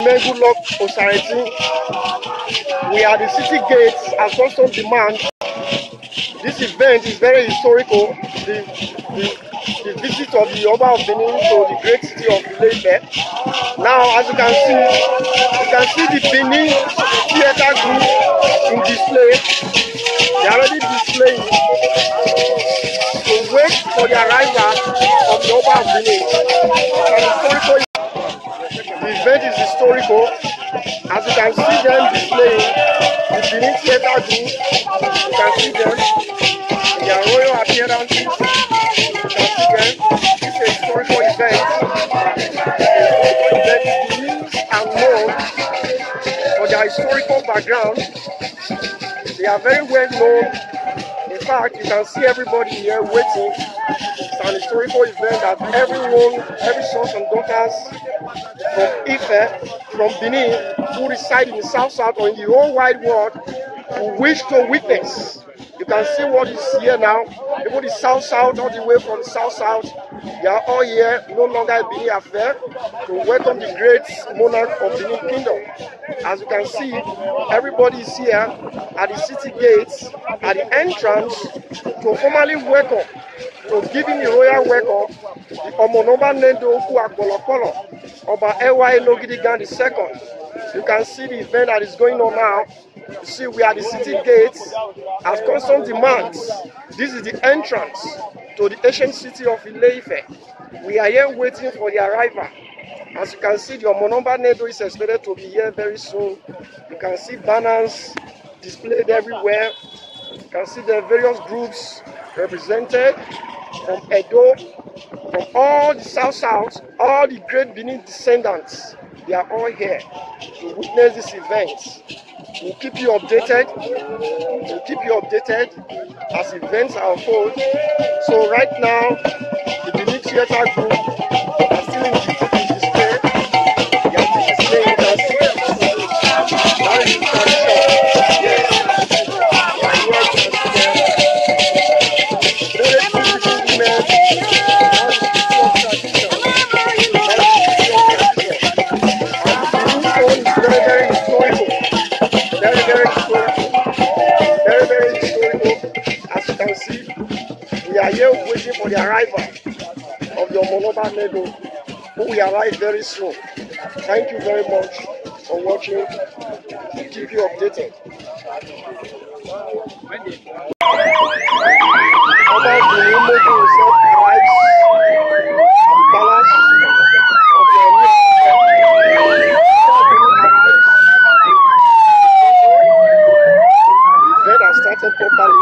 Mengulok Osaretu. We are the city gates As some demand. This event is very historical. The, the, the visit of the Oba of Benin to the great city of ile Now, as you can see, you can see the Benin theater group in display. They are already displaying to wait for the arrival of the Oba of Benin event is historical as you can see them displaying the Benin theatre group you can see them their royal appearance. you can see them this is a historical event that is used and known for their historical background they are very well known in fact you can see everybody here waiting it's an historical event that everyone every sons and daughters from Ife, from Benin, who reside in South South or in the whole wide world, who wish to witness. You can see what is here now. People is South South, all the way from South South, they are all here, no longer a Benin affair, to welcome the great monarch of the New Kingdom. As you can see, everybody is here at the city gates, at the entrance, to formally welcome, to give him the royal welcome, the Omonoba Nendo Kuakolokolo. Oba Ewa Elogidi Gan the You can see the event that is going on now. You see, we are the city gates. As constant demands, this is the entrance to the ancient city of Ileife. We are here waiting for the arrival. As you can see, the Omonomba Nedo is expected to be here very soon. You can see banners displayed everywhere. You can see the various groups represented from Edo, from all the South South, all the great Benin descendants, they are all here to witness this event. We'll keep you updated. We'll keep you updated as events unfold. So right now, the Benin Theatre Group are still in the Very, very historical. As you can see, we are here waiting for the arrival of your Monoba Meadow, who will arrive very soon. Thank you very much for watching. We keep you updated. Ọmọ ọkùnrin mọ́tò sẹ́kù. everybody.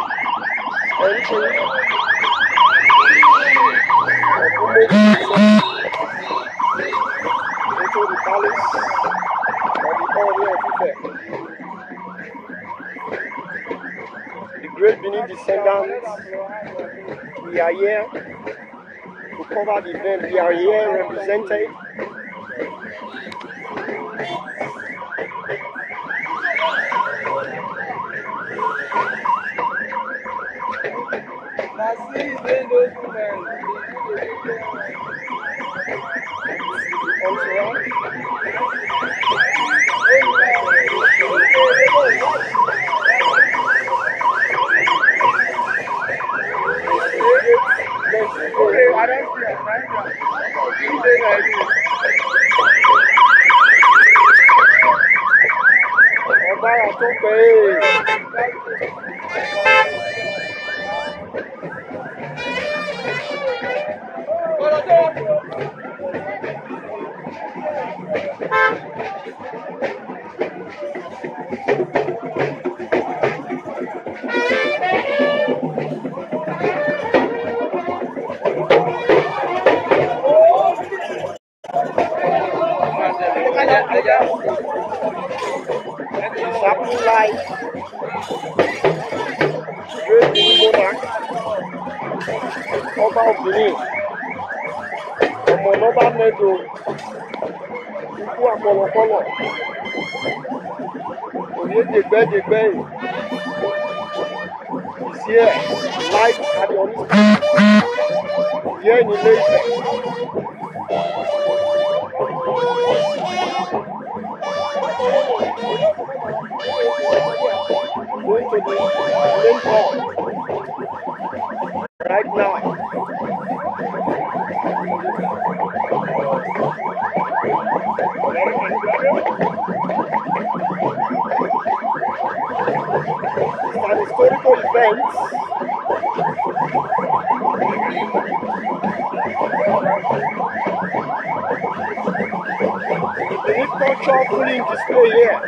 The great Benin descendants, we are here to cover the event. We are here represented kiri ọmọ lọba mẹdo ikú àpọlọpọlọ òye dègbẹdègbẹ ìsí ẹ láì adọlù òye ẹni lé ìfẹ́. Going to the main hall. The Victor Shaw pudding display here.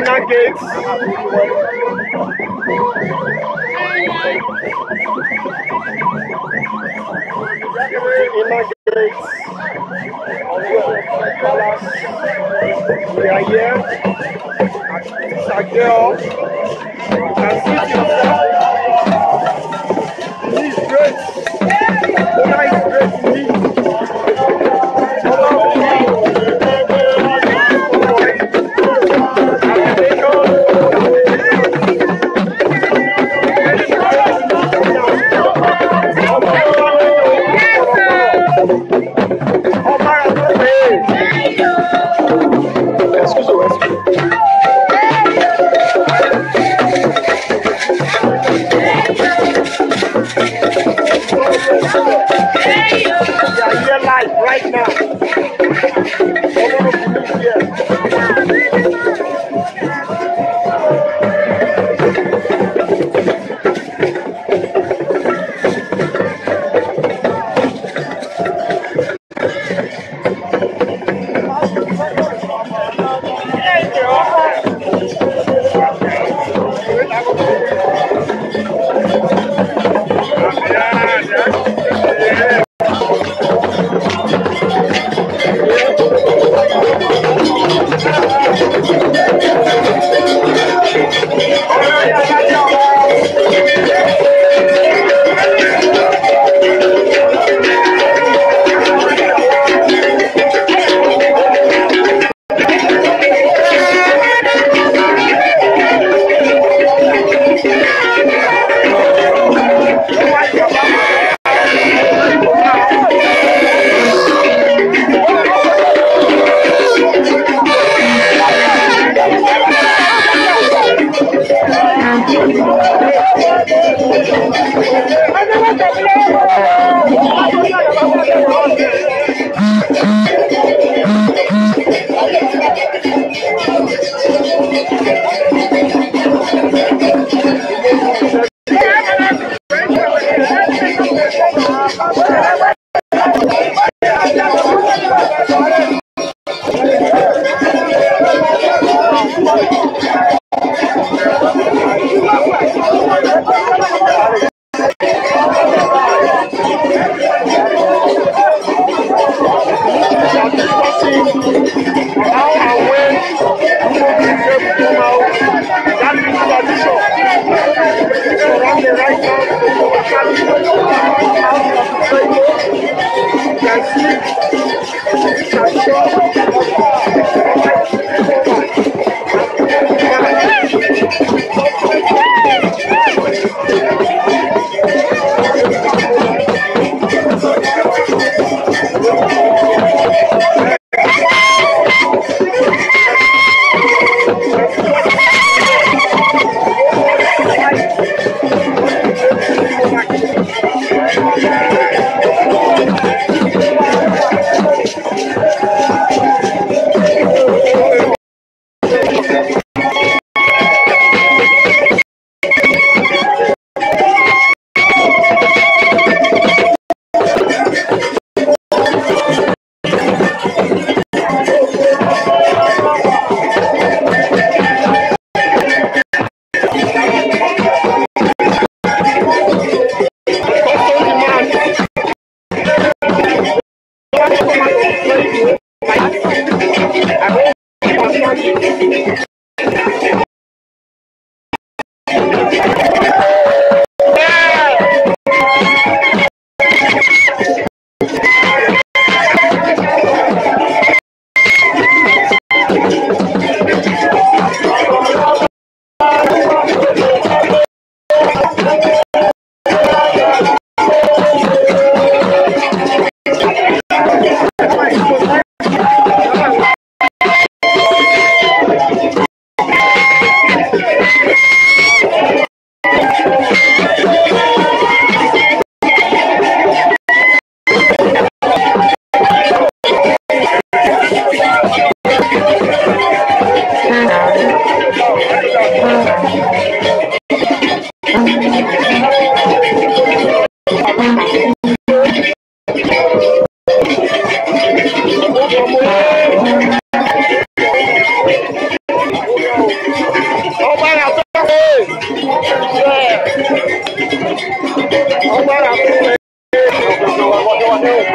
Inner gates. Inner gates. Ayer, Chaguel, know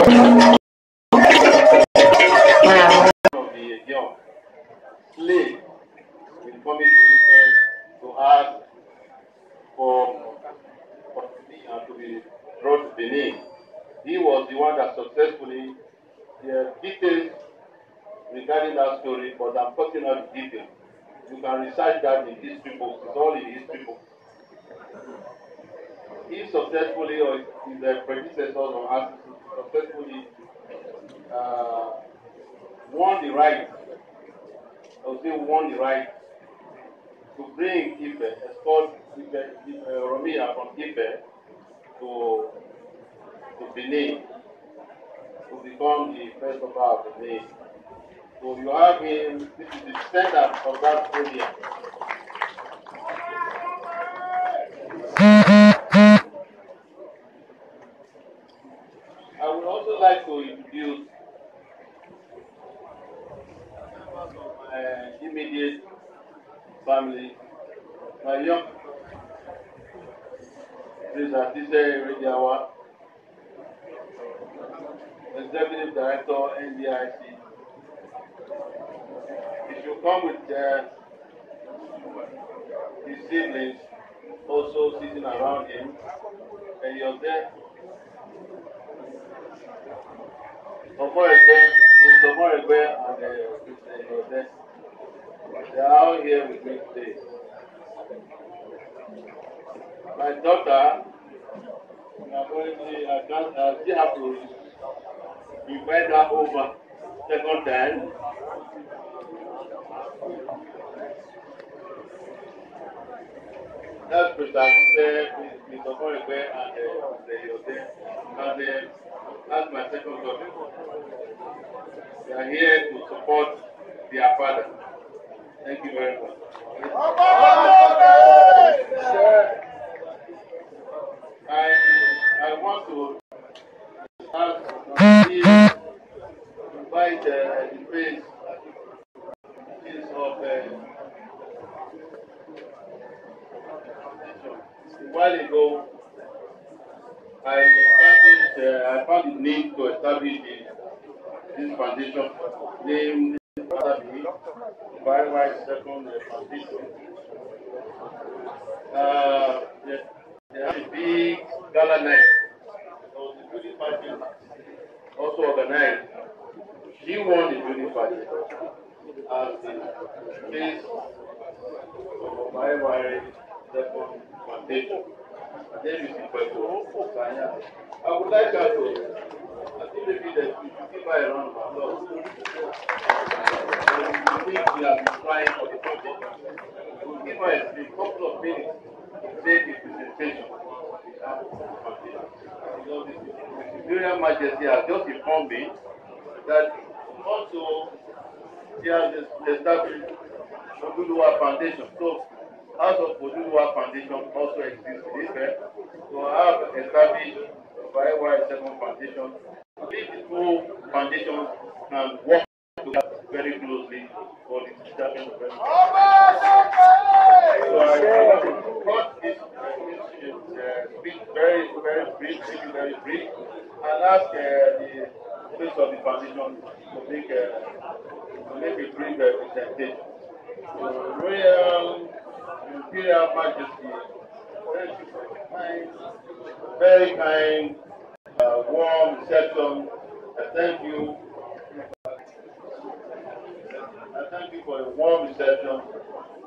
play He was the one that successfully the details regarding that story, but I'm talking out You can research that in history books. It's all in history books. He successfully or his predecessors or ancestors successfully uh, won the right, or say won the right to bring Ibe, escort Ibe, Ibe, uh, Romina from Ibe to, to Benin to become the first of our Benin. So you have him, this is the center of that area. family, my young This please Adise Irejawa, Executive Director, NDIC. He should come with uh, his siblings also sitting around him and you're there. Ọmọ ẹgbẹ́, Mr. Ọmọ and uh, Mr. Ẹgbẹ́. They are all here with me today. My daughter, my body, I can't, I still have to invite her over second time. That precisely is the point where and uh, the hotel, and uh, that's my second daughter. They are here to support their father. Thank you very much. I, I want to ask To invite uh, the praise of uh, a while ago. I established, uh, I found the need to establish the, this foundation named Brother by right second transition. Uh, a big gala night. So the beauty party also organized. She won the beauty party as the case of my second foundation. you I would like us to, I think maybe that you should give a round of applause. think Majesty has just informed me that also he has established Oduduwa Foundation. So, House of Foundation also exists in Ife. So, I have established Bayewa Seven Foundation. These two foundations can work together. very closely for the determined president. So I cut this speech very, very brief, very brief, and ask uh, the of the foundation to make, uh, to make a brief uh, presentation. So, Royal Imperial Majesty, very kind, uh, warm reception. I thank you. thank you for your warm reception.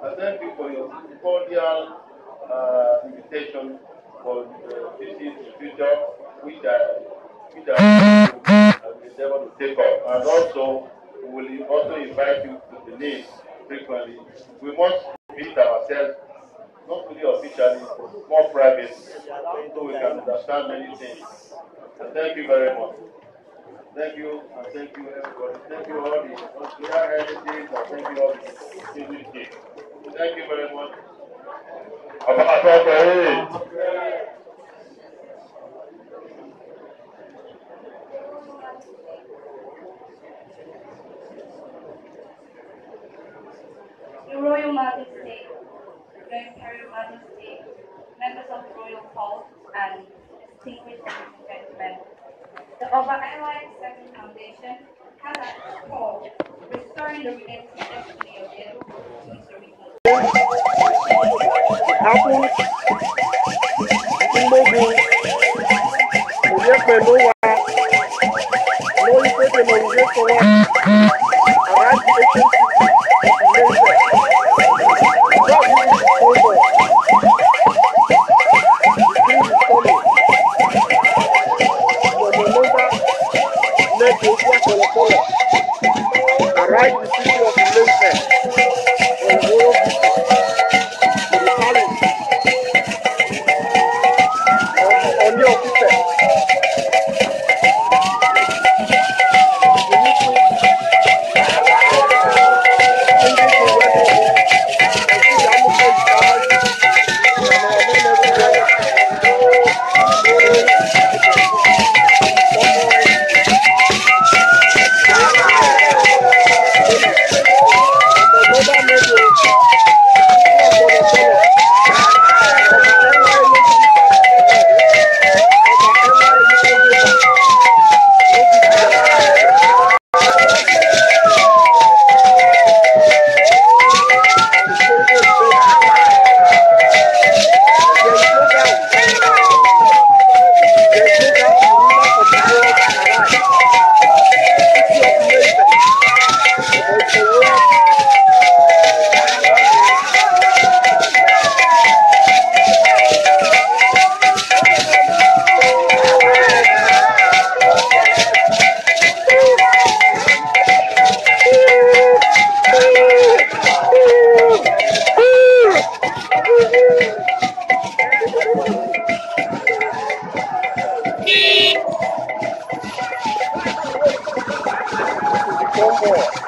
I thank you for your cordial uh, invitation for uh, future, which I, which I will endeavor to take up. And also, we will also invite you to the list frequently. We must meet ourselves, not only officially, more private, so we can understand many things. thank you very much. Thank you, and thank you everybody. Thank you all the hospital entities, and thank you all the community. Thank you very much. Your Royal Majesty, Your Imperial Majesty, members of the Royal Court, and distinguished gentlemen. The Obama Airline second Foundation has a call restoring the related destiny of the Edo history. Apple, Apple, Apple, four.